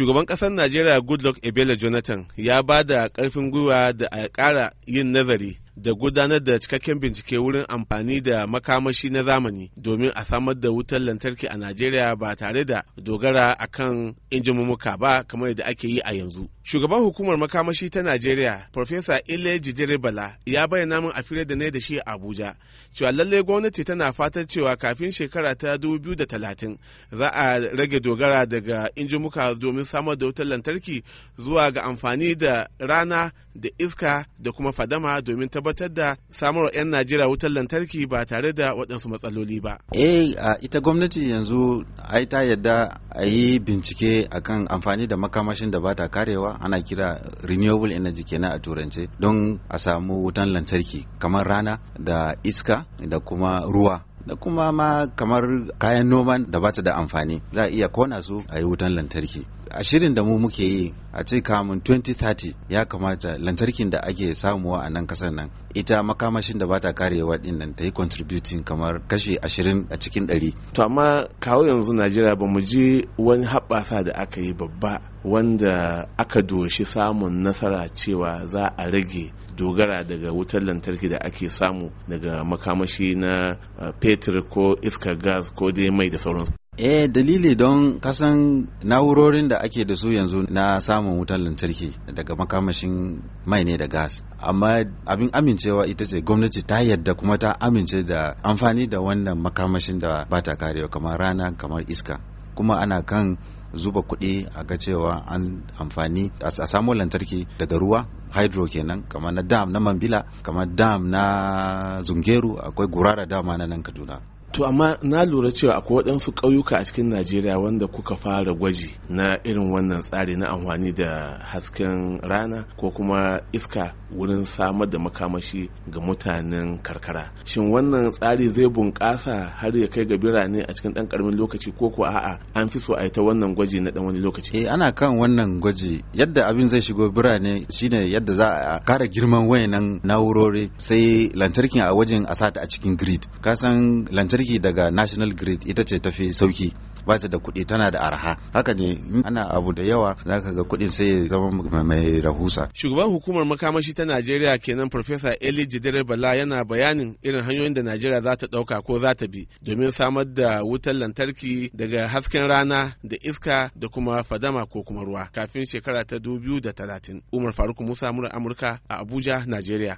shugaban ƙasar najeriya goodluck ebele jonathan ya ba da karfin gwiwa da a kara yin nazari da gudanar da cikakken bincike wurin amfani da makamashi na zamani domin a samar da wutar lantarki a Najeriya ba tare da dogara akan injimumuka ba kamar yadda ake yi a yanzu. Shugaban hukumar makamashi ta Najeriya, Profesa Ile Jijere Bala, ya bayyana min a fira da ne da shi a Abuja, cewa lalle gwamnati tana fatan cewa kafin shekara ta talatin za a rage dogara daga injin muka domin samar da wutar lantarki zuwa ga amfani da rana da iska da kuma fadama domin tabbatar tabbatar da samarwa 'yan Najeriya wutar lantarki ba tare da waɗansu matsaloli ba. Eh, ita gwamnati yanzu ai ta yadda a yi bincike akan amfani da makamashin da ba ta karewa ana kira renewable energy kenan a turance don a samu wutan lantarki kamar rana da iska da kuma ruwa da kuma ma kamar kayan noman da ba ta da amfani za a iya kona su a yi wutan lantarki a shirin da mu muke yi a ce kamun 2030 ya kamata lantarkin da ake samuwa a nan kasar nan ita makamashin da ba ta karewa din nan ta yi contributing kamar kashi 20 a cikin 100 to amma kawo yanzu najeriya ba mu je wani haɓasa da aka yi babba wanda aka doshi samun nasara cewa za a rage dogara daga wutar lantarki da ake samu daga makamashi na eh, fetur ko iskar gas ko dai mai da sauransu eh dalili don kasan na'urorin da ake da su yanzu na samun wutar lantarki daga makamashin mai ne da gas amma abin amincewa ita ce gwamnati ta yadda kuma ta amince da amfani da wannan makamashin da ba ta karewa kamar rana kamar iska kuma ana kan zuba kuɗi a ga cewa an amfani a samo lantarki daga ruwa hydro kenan kamar na dam na mambila kamar dam na zungeru akwai gurara dama na nan kaduna To amma na lura cewa akwai waɗansu ƙauyuka a cikin Najeriya wanda kuka fara gwaji na irin wannan tsari na amfani da hasken rana ko kuma iska wurin samar da makamashi ga mutanen karkara. Shin wannan tsari zai bunƙasa har ya kai ga birane a cikin ɗan ƙaramin lokaci ko ko a'a an fi so a yi ta wannan gwaji na ɗan wani lokaci? Eh ana kan wannan gwaji yadda abin zai shigo birane shine yadda za a kara girman wayannan na'urori sai lantarki a wajen a sata a cikin grid. Ka san lantarki lantarki daga national grid ita ce tafi sauki ba ta da kuɗi tana da arha haka ne ana abu da yawa za ka ga kuɗin sai ya zama mai rahusa shugaban hukumar makamashi ta najeriya kenan farfesa eli jidere bala yana bayanin irin hanyoyin da najeriya za ta ɗauka ko za ta bi domin samar da wutar lantarki daga hasken rana da iska da kuma fadama ko kuma ruwa kafin shekara ta dubu da talatin umar faruk musa mura amurka a abuja najeriya